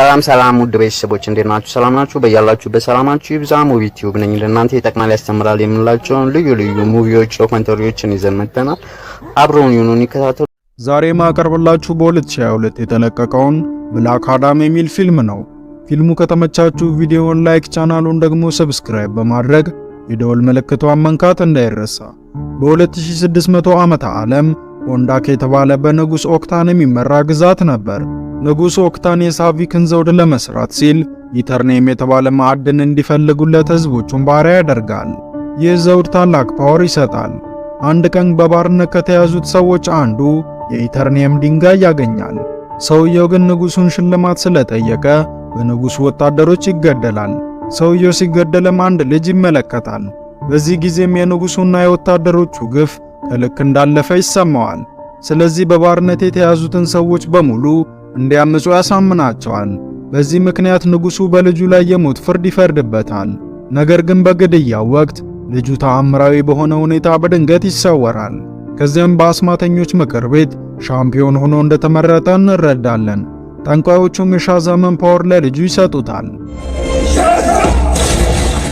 ሰላም ሰላም ውድ ቤተሰቦች እንዴት ናችሁ? ሰላም ናችሁ? በያላችሁበት ሰላማችሁ ይብዛ። ሙቪ ቲዩብ ነኝ። ለእናንተ ይጠቅማል፣ ያስተምራል የምንላቸውን ልዩ ልዩ ሙቪዎች፣ ዶክመንተሪዎችን ይዘን መጥተናል። አብረውን ይሁኑን፣ ይከታተሉ። ዛሬ ማቀርብላችሁ በ2022 የተለቀቀውን ብላክ አዳም የሚል ፊልም ነው። ፊልሙ ከተመቻችሁ ቪዲዮውን ላይክ፣ ቻናሉን ደግሞ ሰብስክራይብ በማድረግ የደወል ምልክቷን መንካት እንዳይረሳ። በ2600 ዓመተ ዓለም ወንዳክ የተባለ በንጉሥ ኦክታን የሚመራ ግዛት ነበር። ንጉሡ ኦክታን የሳቪክን ዘውድ ለመስራት ሲል ኢተርኔም የተባለ ማዕድን እንዲፈልጉለት ሕዝቦቹን ባሪያ ያደርጋል። ይህ ዘውድ ታላቅ ፓወር ይሰጣል። አንድ ቀን በባርነት ከተያዙት ሰዎች አንዱ የኢተርኔም ድንጋይ ያገኛል። ሰውየው ግን ንጉሡን ሽልማት ስለጠየቀ በንጉሡ ወታደሮች ይገደላል። ሰውየው ሲገደልም አንድ ልጅ ይመለከታል። በዚህ ጊዜም የንጉሡና የወታደሮቹ ግፍ ከልክ እንዳለፈ ይሰማዋል። ስለዚህ በባርነት የተያዙትን ሰዎች በሙሉ እንዲያምፁ ያሳምናቸዋል። በዚህ ምክንያት ንጉሡ በልጁ ላይ የሞት ፍርድ ይፈርድበታል። ነገር ግን በግድያው ወቅት ልጁ ተአምራዊ በሆነ ሁኔታ በድንገት ይሰወራል። ከዚያም በአስማተኞች ምክር ቤት ሻምፒዮን ሆኖ እንደተመረጠ እንረዳለን። ጠንቋዮቹም የሻዛመን ፓወር ለልጁ ይሰጡታል።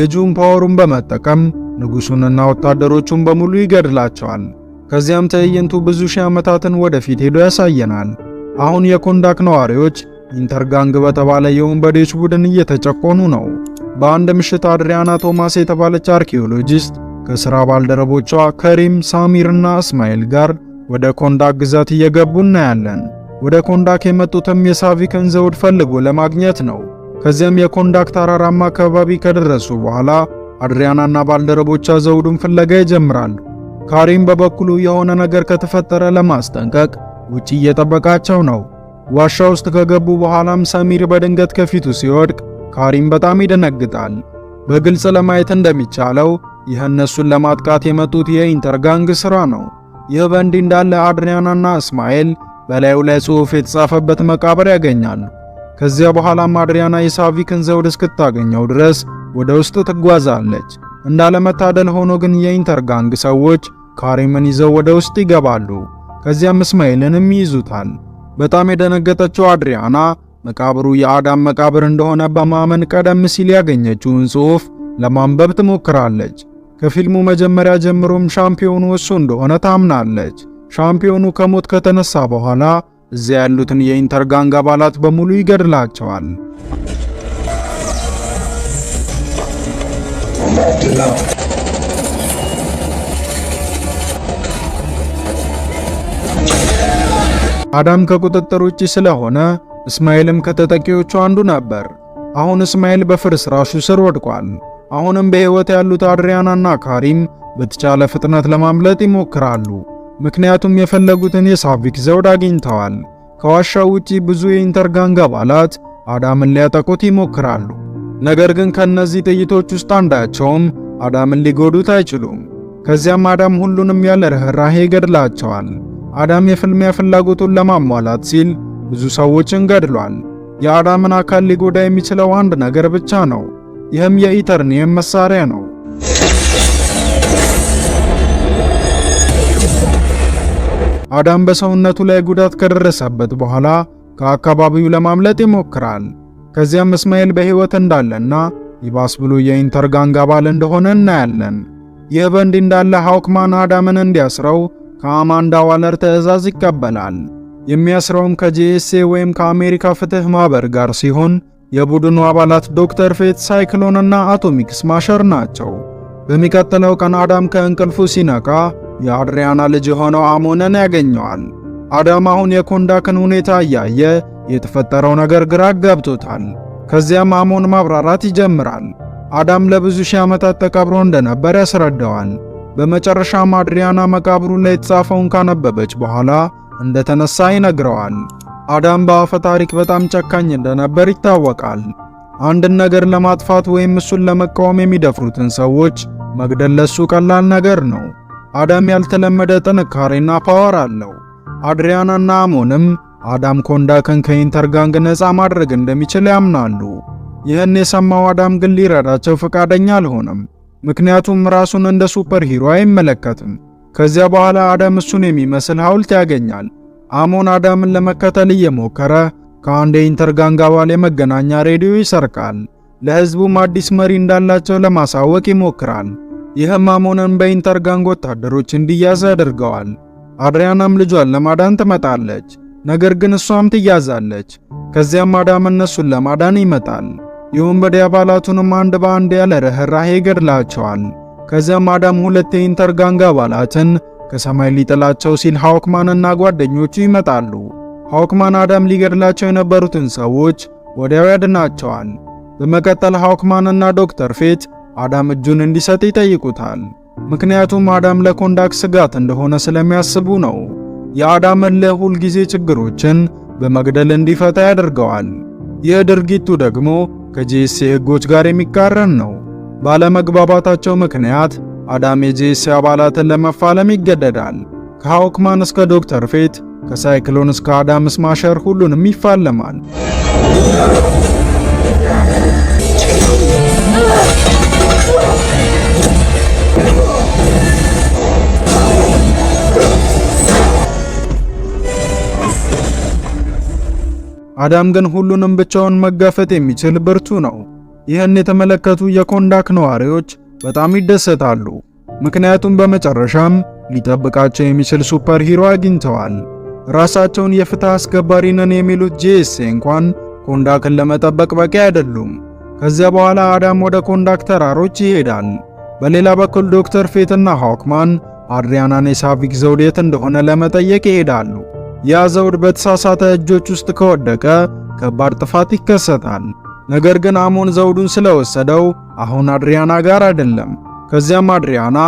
ልጁም ፓወሩን በመጠቀም ንጉሡንና ወታደሮቹን በሙሉ ይገድላቸዋል። ከዚያም ትዕይንቱ ብዙ ሺህ ዓመታትን ወደፊት ሄዶ ያሳየናል። አሁን የኮንዳክ ነዋሪዎች ኢንተርጋንግ በተባለ የወንበዴዎች ቡድን እየተጨቆኑ ነው። በአንድ ምሽት አድሪያና ቶማስ የተባለች አርኪኦሎጂስት ከሥራ ባልደረቦቿ ከሪም፣ ሳሚርና እስማኤል ጋር ወደ ኮንዳክ ግዛት እየገቡ እናያለን። ወደ ኮንዳክ የመጡትም የሳቪክን ዘውድ ፈልጎ ለማግኘት ነው። ከዚያም የኮንዳክ ተራራማ አካባቢ ከደረሱ በኋላ አድሪያናና ባልደረቦቿ ዘውዱን ፍለጋ ይጀምራሉ። ካሪም በበኩሉ የሆነ ነገር ከተፈጠረ ለማስጠንቀቅ ውጪ እየጠበቃቸው ነው። ዋሻ ውስጥ ከገቡ በኋላም ሰሚር በድንገት ከፊቱ ሲወድቅ ካሪም በጣም ይደነግጣል። በግልጽ ለማየት እንደሚቻለው ይህ እነሱን ለማጥቃት የመጡት የኢንተር ጋንግ ሥራ ነው። ይህ በእንዲህ እንዳለ አድሪያናና እስማኤል በላዩ ላይ ጽሑፍ የተጻፈበት መቃብር ያገኛሉ። ከዚያ በኋላም አድሪያና የሳቪክን ዘውድ እስክታገኘው ድረስ ወደ ውስጥ ትጓዛለች። እንዳለመታደል ሆኖ ግን የኢንተርጋንግ ሰዎች ካሪምን ይዘው ወደ ውስጥ ይገባሉ። ከዚያም እስማኤልንም ይይዙታል። በጣም የደነገጠችው አድሪያና መቃብሩ የአዳም መቃብር እንደሆነ በማመን ቀደም ሲል ያገኘችውን ጽሑፍ ለማንበብ ትሞክራለች። ከፊልሙ መጀመሪያ ጀምሮም ሻምፒዮኑ እሱ እንደሆነ ታምናለች። ሻምፒዮኑ ከሞት ከተነሳ በኋላ እዚያ ያሉትን የኢንተር ጋንግ አባላት በሙሉ ይገድላቸዋል። አዳም ከቁጥጥር ውጪ ስለሆነ እስማኤልም ከተጠቂዎቹ አንዱ ነበር። አሁን እስማኤል በፍርስራሹ ስር ወድቋል። አሁንም በሕይወት ያሉት አድሪያናና ካሪም በተቻለ ፍጥነት ለማምለጥ ይሞክራሉ። ምክንያቱም የፈለጉትን የሳቪክ ዘውድ አግኝተዋል። ከዋሻው ውጪ ብዙ የኢንተርጋንግ አባላት አዳምን ሊያጠቁት ይሞክራሉ። ነገር ግን ከነዚህ ጥይቶች ውስጥ አንዳቸውም አዳምን ሊጎዱት አይችሉም። ከዚያም አዳም ሁሉንም ያለ ርኅራሄ ይገድላቸዋል። አዳም የፍልሚያ ፍላጎቱን ለማሟላት ሲል ብዙ ሰዎችን ገድሏል። የአዳምን አካል ሊጎዳ የሚችለው አንድ ነገር ብቻ ነው። ይህም የኢተርኒየም መሳሪያ ነው። አዳም በሰውነቱ ላይ ጉዳት ከደረሰበት በኋላ ከአካባቢው ለማምለጥ ይሞክራል። ከዚያም እስማኤል በሕይወት እንዳለና ይባስ ብሎ የኢንተርጋንግ አባል እንደሆነ እናያለን። ይህ በእንዲህ እንዳለ ሐውክማን አዳምን እንዲያስረው ከአማንዳ ዋለር ትዕዛዝ ይቀበላል። የሚያስረውም ከጂኤስኤ ወይም ከአሜሪካ ፍትህ ማህበር ጋር ሲሆን የቡድኑ አባላት ዶክተር ፌት ሳይክሎን እና አቶሚክስ ማሸር ናቸው። በሚቀጥለው ቀን አዳም ከእንቅልፉ ሲነቃ የአድሪያና ልጅ የሆነው አሞነን ያገኘዋል። አዳም አሁን የኮንዳክን ሁኔታ እያየ የተፈጠረው ነገር ግራ ገብቶታል። ከዚያም አሞን ማብራራት ይጀምራል። አዳም ለብዙ ሺህ ዓመታት ተቀብሮ እንደነበር ያስረዳዋል። በመጨረሻም አድሪያና መቃብሩ ላይ የተጻፈውን ካነበበች በኋላ እንደተነሳ ይነግረዋል። አዳም በአፈ ታሪክ በጣም ጨካኝ እንደነበር ይታወቃል። አንድን ነገር ለማጥፋት ወይም እሱን ለመቃወም የሚደፍሩትን ሰዎች መግደል ለሱ ቀላል ነገር ነው። አዳም ያልተለመደ ጥንካሬና ፓወር አለው። አድሪያናና አሞንም አዳም ኮንዳከን ከኢንተርጋንግ ነፃ ማድረግ እንደሚችል ያምናሉ። ይህን የሰማው አዳም ግን ሊረዳቸው ፈቃደኛ አልሆነም። ምክንያቱም ራሱን እንደ ሱፐር ሂሮ አይመለከትም። ከዚያ በኋላ አዳም እሱን የሚመስል ሐውልት ያገኛል። አሞን አዳምን ለመከተል እየሞከረ ከአንድ የኢንተርጋንግ አባል የመገናኛ ሬዲዮ ይሰርቃል። ለሕዝቡም አዲስ መሪ እንዳላቸው ለማሳወቅ ይሞክራል። ይህም አሞንን በኢንተርጋንግ ወታደሮች እንዲያዝ ያደርገዋል። አድሪያናም ልጇን ለማዳን ትመጣለች። ነገር ግን እሷም ትያዛለች። ከዚያም አዳም እነሱን ለማዳን ይመጣል። የወንበዴ አባላቱንም አንድ በአንድ ያለ ርኅራኄ ይገድላቸዋል። ከዚያም አዳም ሁለት የኢንተርጋንግ አባላትን ከሰማይ ሊጥላቸው ሲል ሃውክማንና ጓደኞቹ ይመጣሉ። ሃውክማን አዳም ሊገድላቸው የነበሩትን ሰዎች ወዲያው ያድናቸዋል። በመቀጠል ሃውክማንና ዶክተር ፌት አዳም እጁን እንዲሰጥ ይጠይቁታል። ምክንያቱም አዳም ለኮንዳክ ስጋት እንደሆነ ስለሚያስቡ ነው። የአዳም እልህ ሁል ጊዜ ችግሮችን በመግደል እንዲፈታ ያደርገዋል። ይህ ድርጊቱ ደግሞ ከጄሴ ህጎች ጋር የሚቃረን ነው። ባለመግባባታቸው ምክንያት አዳም የጄሴ አባላትን ለመፋለም ይገደዳል። ከሃውክማን እስከ ዶክተር ፌት፣ ከሳይክሎን እስከ አዳም ስማሸር ሁሉንም ይፋለማል። አዳም ግን ሁሉንም ብቻውን መጋፈጥ የሚችል ብርቱ ነው። ይህን የተመለከቱ የኮንዳክ ነዋሪዎች በጣም ይደሰታሉ። ምክንያቱም በመጨረሻም ሊጠብቃቸው የሚችል ሱፐር ሂሮ አግኝተዋል። ራሳቸውን የፍትህ አስከባሪ ነን የሚሉት ጄሴ እንኳን ኮንዳክን ለመጠበቅ በቂ አይደሉም። ከዚያ በኋላ አዳም ወደ ኮንዳክ ተራሮች ይሄዳል። በሌላ በኩል ዶክተር ፌትና ሃክማን አድሪያናን የሳቪክ ዘውዴት እንደሆነ ለመጠየቅ ይሄዳሉ። ያ ዘውድ በተሳሳተ እጆች ውስጥ ከወደቀ ከባድ ጥፋት ይከሰታል። ነገር ግን አሞን ዘውዱን ስለወሰደው አሁን አድሪያና ጋር አይደለም። ከዚያም አድሪያና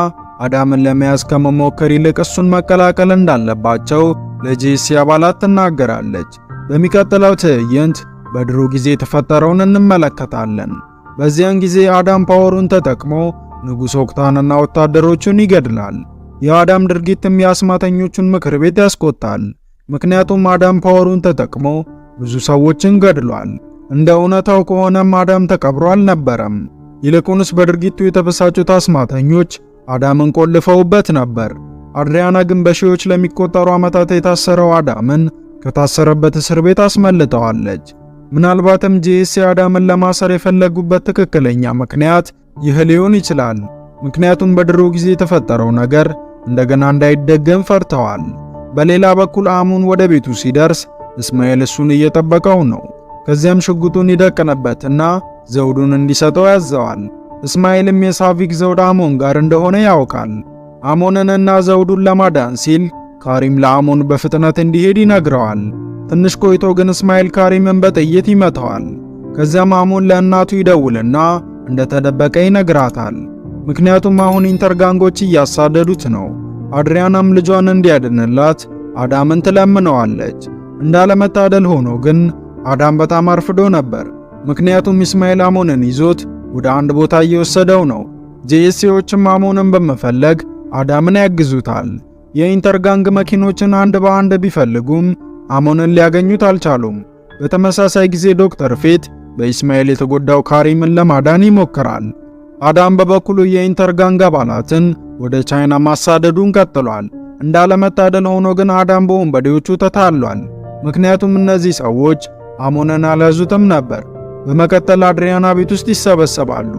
አዳምን ለመያዝ ከመሞከር ይልቅ እሱን መቀላቀል እንዳለባቸው ለጄሲ አባላት ትናገራለች። በሚቀጥለው ትዕይንት በድሮ ጊዜ የተፈጠረውን እንመለከታለን። በዚያን ጊዜ አዳም ፓወሩን ተጠቅሞ ንጉሥ ኦክታንና ወታደሮቹን ይገድላል። የአዳም ድርጊትም የአስማተኞቹን ምክር ቤት ያስቆጣል። ምክንያቱም አዳም ፓወሩን ተጠቅሞ ብዙ ሰዎችን ገድሏል። እንደ እውነታው ከሆነም አዳም ተቀብሮ አልነበረም። ይልቁንስ በድርጊቱ የተበሳጩት አስማተኞች አዳምን ቆልፈውበት ነበር። አድሪያና ግን በሺዎች ለሚቆጠሩ ዓመታት የታሰረው አዳምን ከታሰረበት እስር ቤት አስመልጠዋለች። ምናልባትም ጄሲ አዳምን ለማሰር የፈለጉበት ትክክለኛ ምክንያት ይህ ሊሆን ይችላል። ምክንያቱም በድሮ ጊዜ የተፈጠረው ነገር እንደገና እንዳይደገም ፈርተዋል። በሌላ በኩል አሙን ወደ ቤቱ ሲደርስ እስማኤል እሱን እየጠበቀው ነው። ከዚያም ሽጉጡን ይደቅንበት እና ዘውዱን እንዲሰጠው ያዘዋል። እስማኤልም የሳቪክ ዘውድ አሞን ጋር እንደሆነ ያውቃል። አሞንንና ዘውዱን ለማዳን ሲል ካሪም ለአሞን በፍጥነት እንዲሄድ ይነግረዋል። ትንሽ ቆይቶ ግን እስማኤል ካሪምን በጥይት ይመታዋል። ከዚያም አሞን ለእናቱ ይደውልና እንደተደበቀ ይነግራታል። ምክንያቱም አሁን ኢንተርጋንጎች እያሳደዱት ነው። አድሪያናም ልጇን እንዲያድንላት አዳምን ትለምነዋለች። እንዳለመታደል ሆኖ ግን አዳም በጣም አርፍዶ ነበር። ምክንያቱም ኢስማኤል አሞንን ይዞት ወደ አንድ ቦታ እየወሰደው ነው። ጄሲዎችም አሞንን በመፈለግ አዳምን ያግዙታል። የኢንተርጋንግ መኪኖችን አንድ በአንድ ቢፈልጉም አሞንን ሊያገኙት አልቻሉም። በተመሳሳይ ጊዜ ዶክተር ፌት በኢስማኤል የተጎዳው ካሪምን ለማዳን ይሞክራል። አዳም በበኩሉ የኢንተር ጋንግ አባላትን ወደ ቻይና ማሳደዱን ቀጥሏል። እንዳለመታደል ሆኖ ግን አዳም በወንበዴዎቹ ተታሏል። ምክንያቱም እነዚህ ሰዎች አሞነን አልያዙትም ነበር። በመቀጠል አድሪያና ቤት ውስጥ ይሰበሰባሉ።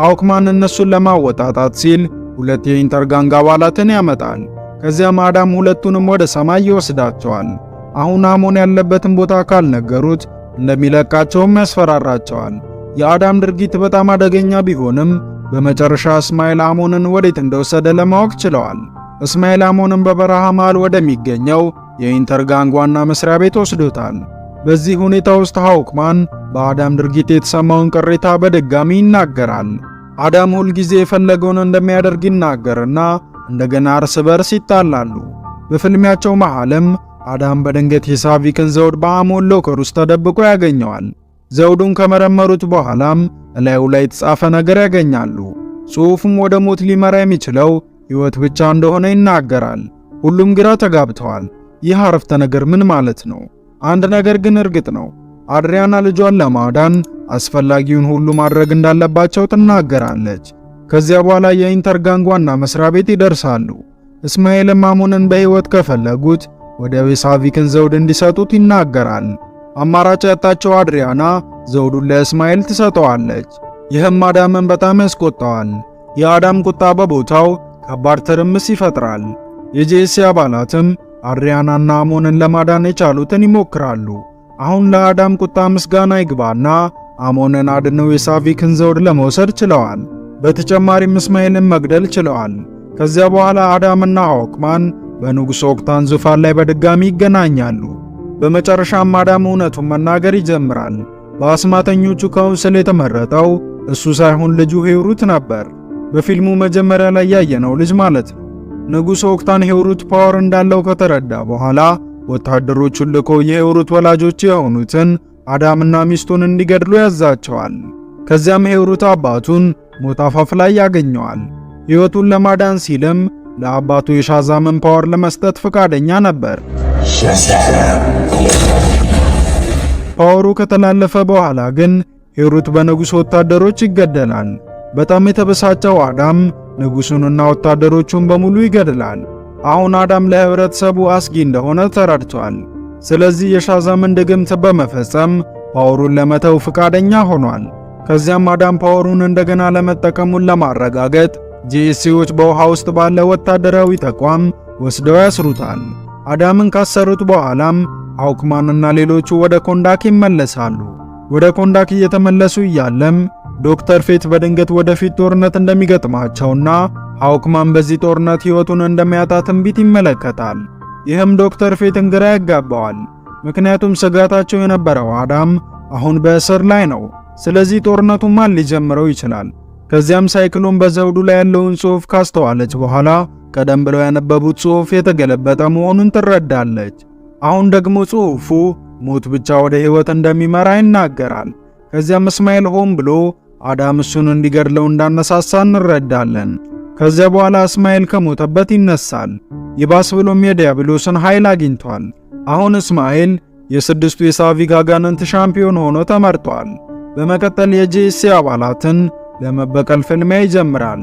ሃውክማን እነሱን ለማወጣጣት ሲል ሁለት የኢንተር ጋንግ አባላትን ያመጣል። ከዚያም አዳም ሁለቱንም ወደ ሰማይ ይወስዳቸዋል። አሁን አሞን ያለበትን ቦታ ካልነገሩት እንደሚለቃቸውም ያስፈራራቸዋል። የአዳም ድርጊት በጣም አደገኛ ቢሆንም በመጨረሻ እስማኤል አሞንን ወዴት እንደወሰደ ለማወቅ ችለዋል። እስማኤል አሞንን በበረሃ መሃል ወደሚገኘው የኢንተርጋንግ ዋና መስሪያ ቤት ወስዶታል። በዚህ ሁኔታ ውስጥ ሃውክማን በአዳም ድርጊት የተሰማውን ቅሬታ በድጋሚ ይናገራል። አዳም ሁል ጊዜ የፈለገውን እንደሚያደርግ ይናገርና እንደገና እርስ በርስ ይጣላሉ። በፍልሚያቸው መሃልም አዳም በድንገት የሳቪክን ዘውድ በአሞን ሎከር ውስጥ ተደብቆ ያገኘዋል። ዘውዱን ከመረመሩት በኋላም እላዩ ላይ የተጻፈ ነገር ያገኛሉ። ጽሑፉም ወደ ሞት ሊመራ የሚችለው ሕይወት ብቻ እንደሆነ ይናገራል። ሁሉም ግራ ተጋብተዋል። ይህ አረፍተ ነገር ምን ማለት ነው? አንድ ነገር ግን እርግጥ ነው፣ አድሪያና ልጇን ለማዳን አስፈላጊውን ሁሉ ማድረግ እንዳለባቸው ትናገራለች። ከዚያ በኋላ የኢንተርጋንግ ዋና መስሪያ ቤት ይደርሳሉ። እስማኤልም አሞንን በሕይወት ከፈለጉት ወደ ቤሳቪክን ዘውድ እንዲሰጡት ይናገራል። አማራጭ ያጣቸው አድሪያና ዘውዱን ለእስማኤል ትሰጠዋለች። ይህም አዳምን በጣም ያስቆጣዋል። የአዳም ቁጣ በቦታው ከባድ ትርምስ ይፈጥራል። የጄሲ አባላትም አድሪያናና አሞንን ለማዳን የቻሉትን ይሞክራሉ። አሁን ለአዳም ቁጣ ምስጋና ይግባና አሞንን አድነው የሳቪክን ዘውድ ለመውሰድ ችለዋል። በተጨማሪም እስማኤልን መግደል ችለዋል። ከዚያ በኋላ አዳምና ሆክማን በንጉሥ ኦክታን ዙፋን ላይ በድጋሚ ይገናኛሉ። በመጨረሻም አዳም እውነቱን መናገር ይጀምራል። በአስማተኞቹ ካውንስል የተመረጠው እሱ ሳይሆን ልጁ ሄሩት ነበር። በፊልሙ መጀመሪያ ላይ ያየነው ልጅ ማለት ነው። ንጉሥ ኦክታን ሄሩት ፓወር እንዳለው ከተረዳ በኋላ ወታደሮቹን ልኮ የሄሩት ወላጆች የሆኑትን አዳምና ሚስቱን እንዲገድሉ ያዛቸዋል። ከዚያም ሄሩት አባቱን ሞት አፋፍ ላይ ያገኘዋል። ሕይወቱን ለማዳን ሲልም ለአባቱ የሻዛምን ፓወር ለመስጠት ፈቃደኛ ነበር። ፓወሩ ከተላለፈ በኋላ ግን ሂሩት በንጉሥ ወታደሮች ይገደላል። በጣም የተበሳጨው አዳም ንጉሡንና ወታደሮቹን በሙሉ ይገድላል። አሁን አዳም ለህብረተሰቡ አስጊ እንደሆነ ተረድቷል። ስለዚህ የሻዛምን ድግምት በመፈጸም ፓወሩን ለመተው ፍቃደኛ ሆኗል። ከዚያም አዳም ፓወሩን እንደገና ለመጠቀሙን ለማረጋገጥ ጂኤስሲዎች በውሃ ውስጥ ባለ ወታደራዊ ተቋም ወስደው ያስሩታል። አዳምን ካሰሩት በኋላም አውክማንና ሌሎቹ ወደ ኮንዳክ ይመለሳሉ። ወደ ኮንዳክ እየተመለሱ እያለም ዶክተር ፌት በድንገት ወደፊት ጦርነት እንደሚገጥማቸውና አውክማን በዚህ ጦርነት ሕይወቱን እንደሚያጣ ትንቢት ይመለከታል። ይህም ዶክተር ፌትን ግራ ያጋባዋል። ምክንያቱም ስጋታቸው የነበረው አዳም አሁን በእስር ላይ ነው። ስለዚህ ጦርነቱ ማን ሊጀምረው ይችላል? ከዚያም ሳይክሎን በዘውዱ ላይ ያለውን ጽሑፍ ካስተዋለች በኋላ ቀደም ብለው ያነበቡት ጽሑፍ የተገለበጠ መሆኑን ትረዳለች። አሁን ደግሞ ጽሑፉ ሞት ብቻ ወደ ሕይወት እንደሚመራ ይናገራል። ከዚያም እስማኤል ሆን ብሎ አዳም እሱን እንዲገድለው እንዳነሳሳ እንረዳለን። ከዚያ በኋላ እስማኤል ከሞተበት ይነሳል። ይባስ ብሎም የዲያብሎስን ኃይል አግኝቷል። አሁን እስማኤል የስድስቱ የሳቪግ አጋንንት ሻምፒዮን ሆኖ ተመርጧል። በመቀጠል የጄሲ አባላትን ለመበቀል ፍልሚያ ይጀምራል።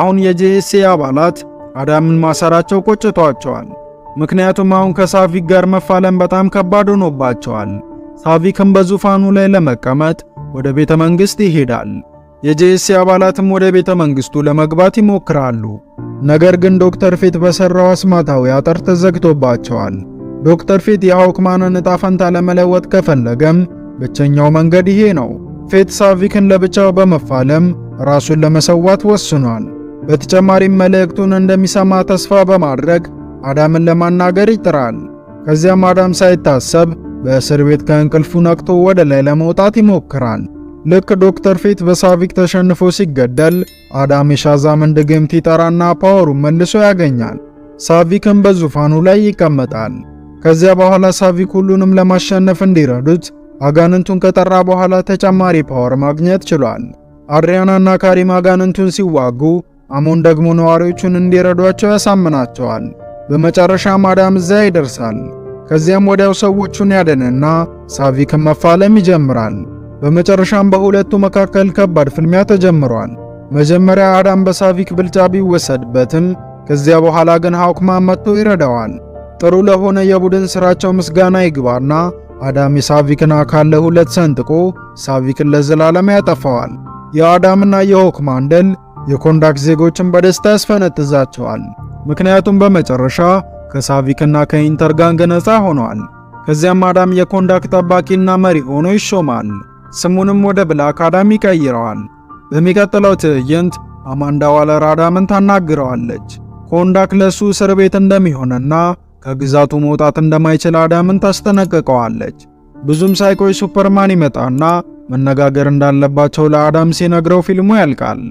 አሁን የጄኤስኤ አባላት አዳምን ማሰራቸው ቆጭቷቸዋል። ምክንያቱም አሁን ከሳቪክ ጋር መፋለም በጣም ከባድ ሆኖባቸዋል። ሳቪክም በዙፋኑ ላይ ለመቀመጥ ወደ ቤተ መንግሥት ይሄዳል። የጄኤስኤ አባላትም ወደ ቤተ መንግሥቱ ለመግባት ይሞክራሉ። ነገር ግን ዶክተር ፊት በሰራው አስማታዊ አጥር ተዘግቶባቸዋል። ዶክተር ፊት የአውክማንን ንጣፈንታ ፈንታ ለመለወጥ ከፈለገም ብቸኛው መንገድ ይሄ ነው። ፌት ሳቪክን ለብቻው በመፋለም ራሱን ለመሰዋት ወስኗል። በተጨማሪም መልእክቱን እንደሚሰማ ተስፋ በማድረግ አዳምን ለማናገር ይጥራል። ከዚያም አዳም ሳይታሰብ በእስር ቤት ከእንቅልፉ ነቅቶ ወደ ላይ ለመውጣት ይሞክራል። ልክ ዶክተር ፌት በሳቪክ ተሸንፎ ሲገደል አዳም የሻዛምን ድግምት ይጠራና ፓወሩን መልሶ ያገኛል። ሳቪክም በዙፋኑ ላይ ይቀመጣል። ከዚያ በኋላ ሳቪክ ሁሉንም ለማሸነፍ እንዲረዱት አጋንንቱን ከጠራ በኋላ ተጨማሪ ፓወር ማግኘት ችሏል። አድሪያናና ካሪም አጋንንቱን ሲዋጉ፣ አሞን ደግሞ ነዋሪዎቹን እንዲረዷቸው ያሳምናቸዋል። በመጨረሻ ማዳም እዚያ ይደርሳል። ከዚያም ወዲያው ሰዎቹን ያደንና ሳቪክን መፋለም ይጀምራል። በመጨረሻም በሁለቱ መካከል ከባድ ፍልሚያ ተጀምሯል። መጀመሪያ አዳም በሳቪክ ብልጫ ቢወሰድበትም ከዚያ በኋላ ግን ሃውክማን መጥቶ ይረዳዋል። ጥሩ ለሆነ የቡድን ሥራቸው ምስጋና ይግባና አዳም የሳቪክን አካል ለሁለት ሰንጥቆ ሳቪክን ለዘላለም ያጠፋዋል። የአዳምና የሆክ ማንደል የኮንዳክ ዜጎችን በደስታ ያስፈነጥዛቸዋል። ምክንያቱም በመጨረሻ ከሳቪክና ከኢንተርጋንግ ነፃ ሆኗል። ከዚያም አዳም የኮንዳክ ጠባቂና መሪ ሆኖ ይሾማል። ስሙንም ወደ ብላክ አዳም ይቀይረዋል። በሚቀጥለው ትዕይንት አማንዳ ዋለር አዳምን ታናግረዋለች። ኮንዳክ ለሱ እስር ቤት እንደሚሆንና ከግዛቱ መውጣት እንደማይችል አዳምን ታስጠነቅቀዋለች። ብዙም ሳይቆይ ሱፐርማን ይመጣና መነጋገር እንዳለባቸው ለአዳም ሲነግረው ፊልሙ ያልቃል።